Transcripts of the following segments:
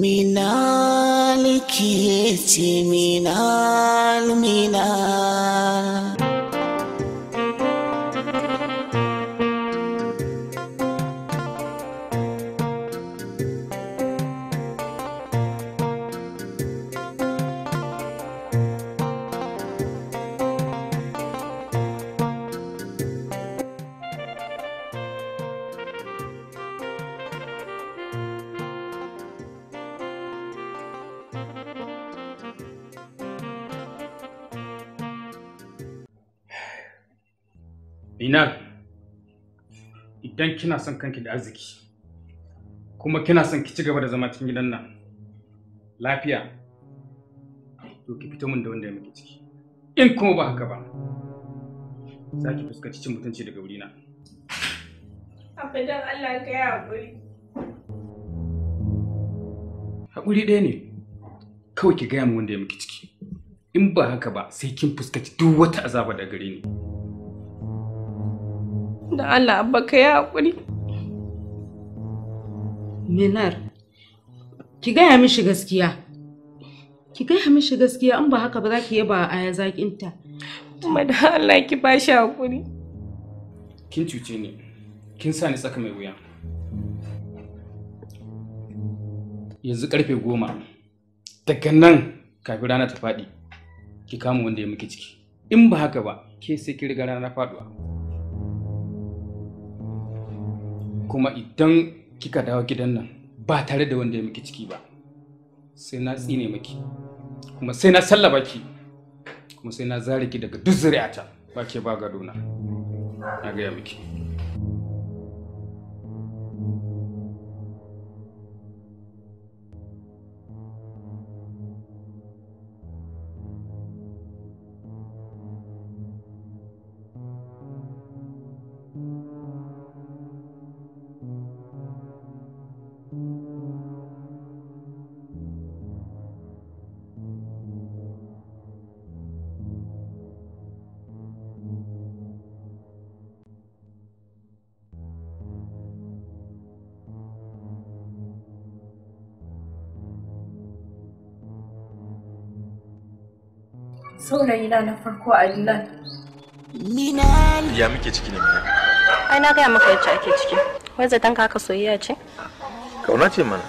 মিনাল লিখিয়েছি মিনাল মিনাল Binal, idan kina son kanki da arziki, kuma kina son ki ci gaba da zama cikin gidan nan lafiya, to ki fito min da wanda ya muke ciki. In kuma ba haka ba, za ki fuskanci cin mutunci daga wurina. Abadan Allah ka yi haƙuri. Haƙuri ɗaya ne, kawai ki gaya min wanda ya muke ciki. In ba haka ba, sai kin fuskanci duk wata azaba da gare ni. da Allah abba ka yi haƙuri. Minar, ki gaya mishi gaskiya. Ki gaya mishi gaskiya in ba haka ba za ki yaba a ya zaƙinta. Kuma da Allah ki ba shi haƙuri. Kin cuce ni, kin sa ni tsaka mai wuya. Yanzu karfe goma, daga nan kafin rana ta faɗi, ki kama wanda ya muke ciki. In ba haka ba, ke sai ki riga rana faɗuwa. kuma idan kika dawo gidan nan ba tare da wanda ya miki ciki ba sai na tsine miki kuma sai na sallaba ki kuma sai na zare ki daga duk zuri'ata ba ke ba gadona na gaya miki saurayina na farko a Milan. Milan. Ya muke ciki ne Milan. Ai na gaya maka yacce ake ciki. Wai zaton ka soyayya ce? Kauna ce mana.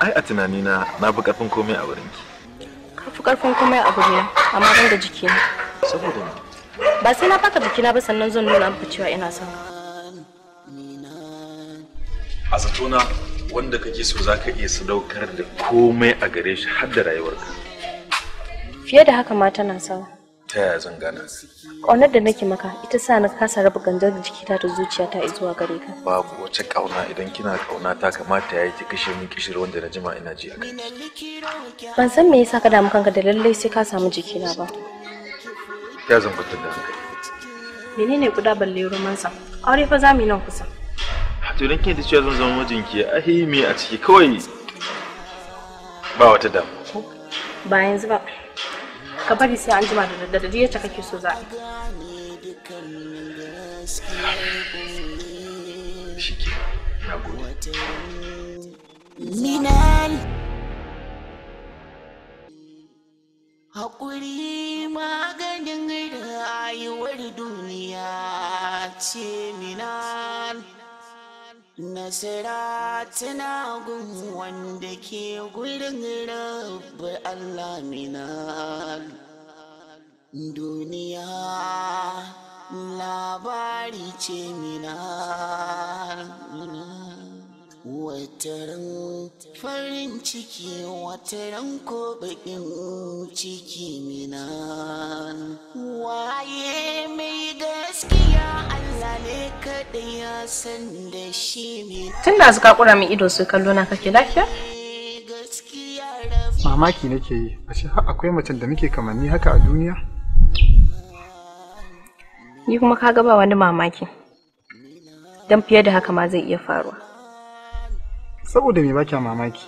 Ai a tunanina na fi karfin komai a wurin ki. Ka fi karfin komai a gurina amma ban da jikina. Saboda me? Ba sai na baka jikina ba sannan zan nuna maka cewa ina son ka. A zatona wanda kake so zaka iya sadaukar da komai a gare shi har da rayuwarka. fiye da haka ma tana sawa ta yaya zan gana ƙaunar da nake maka ita sa na kasa raba gangar jikita da zuciyata zuwa gare ka babu wace ƙauna idan kina ƙauna ta kamata yi ki kashe min kishir wanda na jima ina ji a kai ban san me yasa ka damu kanka da lallai sai ka samu jikina ba ya zan fitar da hankali menene guda balle romansa aure fa zamu nan kusa to dan da cewa zan zama mijinki ai me a ciki kawai ba wata damu ba yanzu ba ka bari sai an jima da daddare duk yadda kake so za Minal Haƙuri maganin rayuwar duniya ce minal Nasara tana gun wanda ke gurin rabu Allah minal duniya labari ce mina wataran farin ciki wataran ko bakin ciki mina waye mai gaskiya Allah ne kaɗai ya san da shi mina tun da suka kura min ido su kallo na kake lafiya mamaki nake yi ashe akwai macen da muke kamanni haka a duniya ni kuma ka ba wani mamaki don fiye da haka ma zai iya faruwa saboda me baki mamaki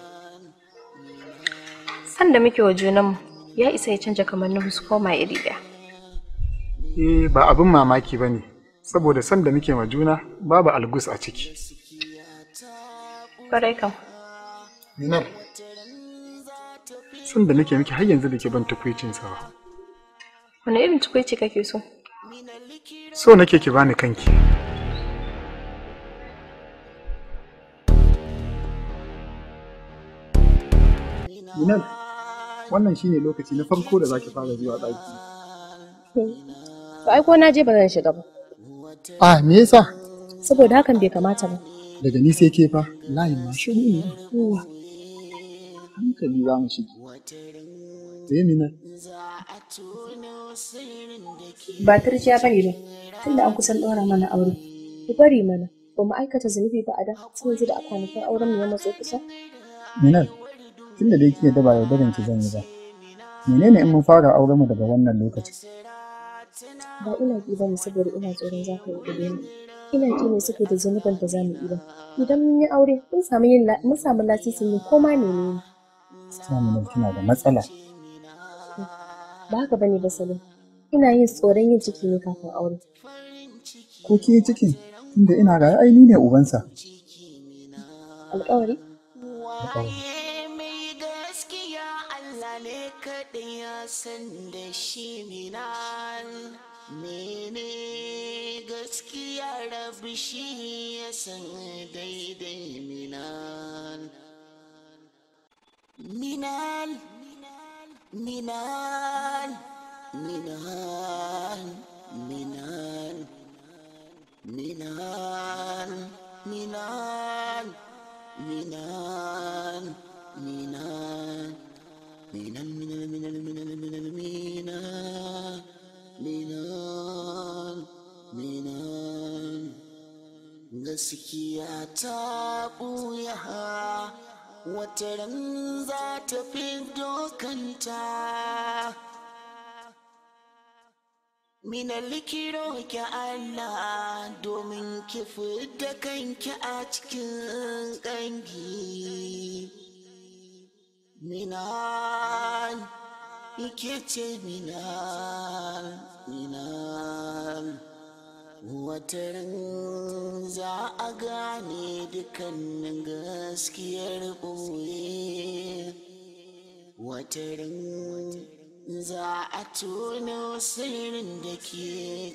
san da muke wa junanmu ya isa ya canja kamannin su koma iri ɗaya eh ba abin mamaki ba ne saboda san da muke ma juna babu algus a ciki ƙwarai kam Minar, san da nake miki har yanzu da ke ban tukwicinsa ba. Wani irin tukwici kake so? so nake ki bani kanki Minan, wannan shine lokaci na farko da zaki fara zuwa daki To ai ko na je ba shiga ba. Ah, me yasa? Saboda hakan bai kamata ba. Daga ni sai ke fa, layin ma shiru ne kowa. Mm. hankali za mu shige. Zai mina. Ba tarjiya bane ba, tunda an kusan ɗora mana aure. Ku bari mana, ba mu aikata zunubi ba a da sun yanzu da a kwanakin auren mu ya matso kusa. Minan, tunda da yake da ba yaudarin ki zan yi ba. Menene in mun fara auren mu daga wannan lokacin? Ba ina ki bane saboda ina tsoron za ka yi gobe ni. Ina ki ne suke da zunuban da za mu yi ba. Idan mun yi aure, mun samu lasisi ne ko ma ne ne. Samunan tana da matsala. Ba haka bane ba salo. Ina yin tsoron yin ciki ne kafin aure. Ko ki cikin tunda ina ga ubansa. Alƙawari? Alƙawari. da shi minan mene gaskiya ya san daidai minan منال منال منال منال منال منال منال منال منال منال منال منال منال منال منال منال gaskiya ta ɓuya wataran za ta fi dokanta minan kiro ki Allah domin ki da kanki a cikin ƙangi minan ike ce minan minan wataran za a gane dukkanin gaskiyar ɓoye watarin za a tono sirrin da ke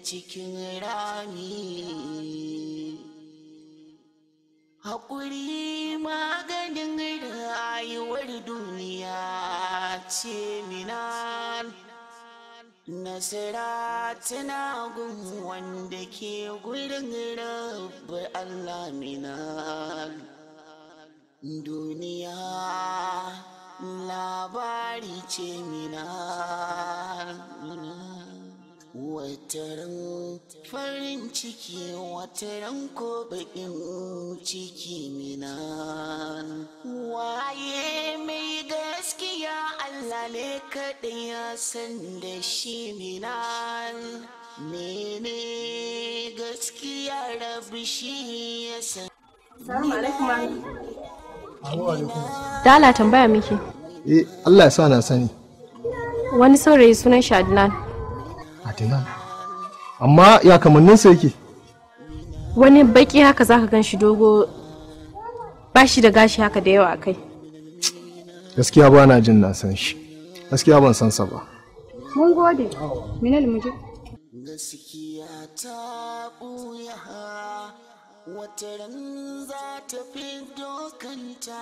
cikin rami haƙuri maganin rayuwar duniya ce minan Nasira tana gun wanda ke gurin rabu Allah mina duniya labari ce minal wataran farin ciki wata ranko bakin ciki mina waye mai gaskiya Allah ne kaɗai ya san da shi mina mene gaskiya rabu shi ya san Dala tambaya miki. Eh, Allah ya sa na sani. Wani saurayi sunan shi Adnan? amma ya kamanninsa yake wani baki haka zaka gan shi dogo ba shi da gashi haka da yawa kai gaskiya ba na jin na san shi gaskiya ban san sa ba mun gode minal muje gaskiya ta buya wata ran za ta fi dokanta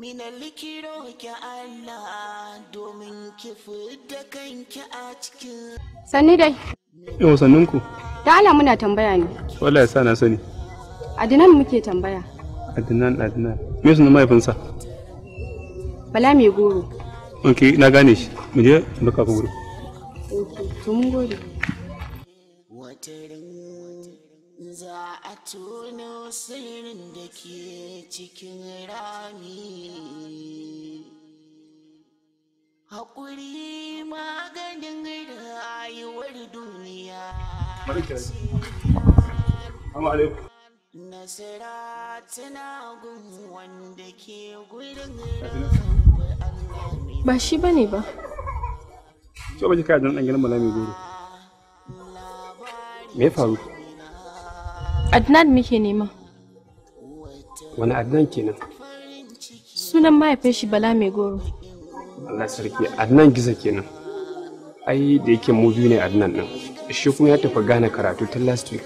Mina likiro ki Allah domin ki da kanki a cikin. Sanni dai. Yau sannin ku. Da Allah muna tambaya ne. Wallahi ya sa na sani. Adinan muke tambaya. Adinan Adinan. Me sunan mahaifinsa? Bala mai goro. Ok, na gane shi. Mu je mu kafa goro. Ok, to mun gode. Wata za a tono sirrin da ke cikin rami haƙuri maganin rayuwar duniya nasara tana gun wanda ke gudun ba shi ba ne ba so ba ji kayan ɗan ganin malami goro me ya faru Adnan muke nema. Wani Adnan kenan? Sunan mahaifin shi Bala mai goro. Allah sarki Adnan Giza kenan. Ai da yake mu biyu ne Adnan din. Shi kuma ya tafi gane karatu tun last week.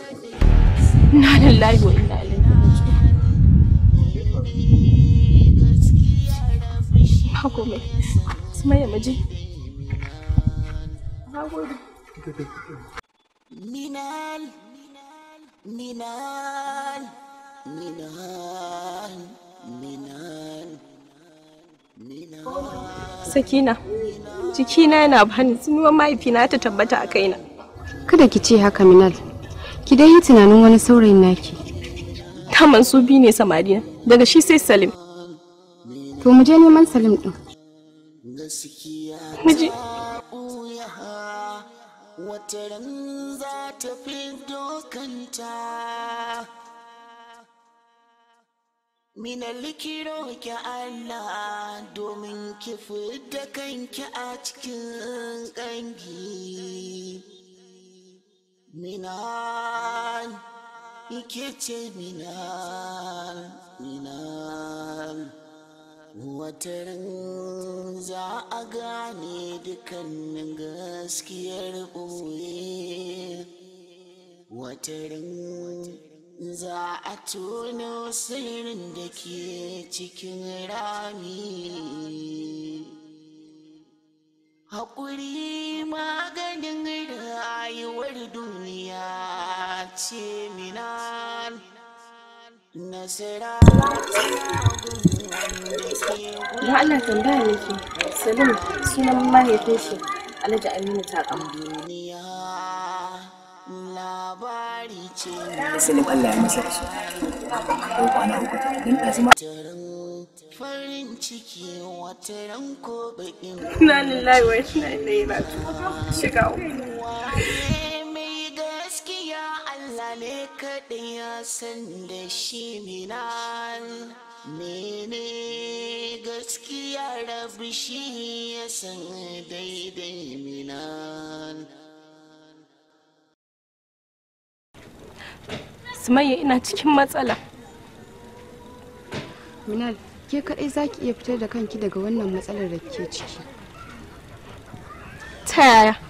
Na lillahi wa ina ilaihi Ba mai, su maye maje. Na gode. Minal minan minan minan minan sakina jikina yana bani tsinuwar mahaifina ta tabbata a kaina kada ki ce haka minal ki dai yi tunanin wani saurayin naki daman su biyu ne samariya daga shi sai salim to mu je neman salim ɗin. miji ran za ta fi dokanta Mina likiro Allah domin ki da kanki a cikin ƙangi. Minan, ike ce minan, minan. wataran za a gane dukkanin gaskiyar ɓoye wataran za a tono sirrin da ke cikin rami Haƙuri maganin rayuwar duniya ce mina Da Allah tambaya nake, Salim sunan mahaifin shi Alhaji Aminu Takam. Salim Allah ya masa rasu. Ko kwana uku don ta Farin ciki wata ranko baƙin. Na lillahi wa shi na ilayi na shiga ne kaɗai ya san da shi minan mene gaskiya rabu shi ya san daidai minan Sumayya ina cikin matsala. Minal, ke kaɗai za ki iya fitar da kanki daga wannan matsalar da ke ciki. Ta yaya?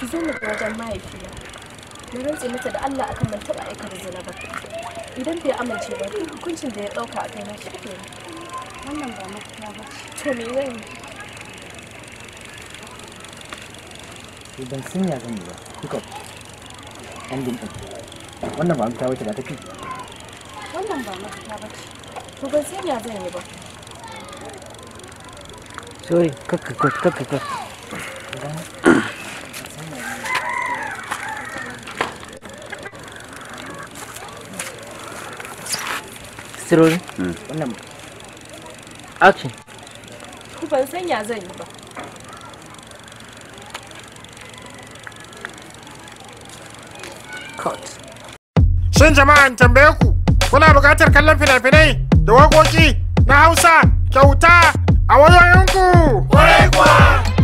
ki zo mu wajen mahaifiya na rantse mata da Allah akan ban taɓa aikata zina ba idan bai amince ba hukuncin da ya ɗauka a kai na shi ke wannan ba mafita ba to me zan yi eh, ban sun ya zan yi ba kuka an din wannan ba mafita ba ba fi? wannan ba mafita bace to ban sun ya zan yi ba sorry kakka kakka kakka sirori hmm. wannan action ku ban san ya zan yi ba cut shin jama'an tambaye ku kuna buƙatar kallon fina-finai da waƙoƙi na hausa kyauta a wayoyinku kwarai kuwa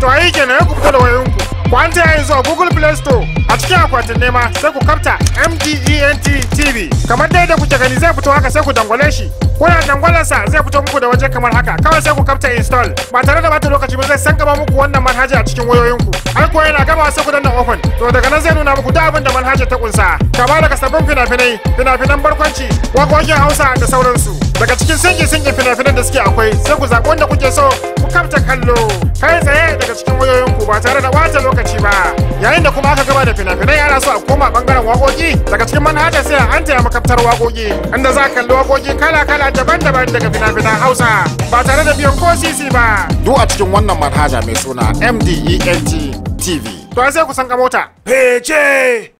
to ayi kenan ku fito da wayoyinku ku an yanzu a google play store a cikin akwatin nema sai ku kafta mdent tv kamar dai da kuke gani zai fito haka sai ku dangwale shi kuna dangwalarsa zai fito muku da waje kamar haka kawai sai ku kafta install ba tare da bata lokaci ba zai san gaba muku wannan manhaja a cikin wayoyinku har ko yana gaba sai ku danna open to daga nan zai nuna muku duk abin da manhaja ta kunsa kama daga sabbin fina-finai fina-finan barkwanci waƙoƙin hausa da sauransu daga cikin singin-singin fina-finan da suke akwai sai ku zaɓi wanda kuke so ku kamta kallo kai tsaye daga cikin wayoyin ku ba tare da wata lokaci ba yayin da kuma aka gaba da fina-finai ana so a koma bangaren wakoki daga cikin manhajar sai an taya makaftar wakoki. inda za a kalli wakoki kala-kala daban-daban daga fina-finan hausa ba tare da biyan ko sisi ba duk a cikin wannan manhaja mai suna mdent tv to sai ku san ka mota fece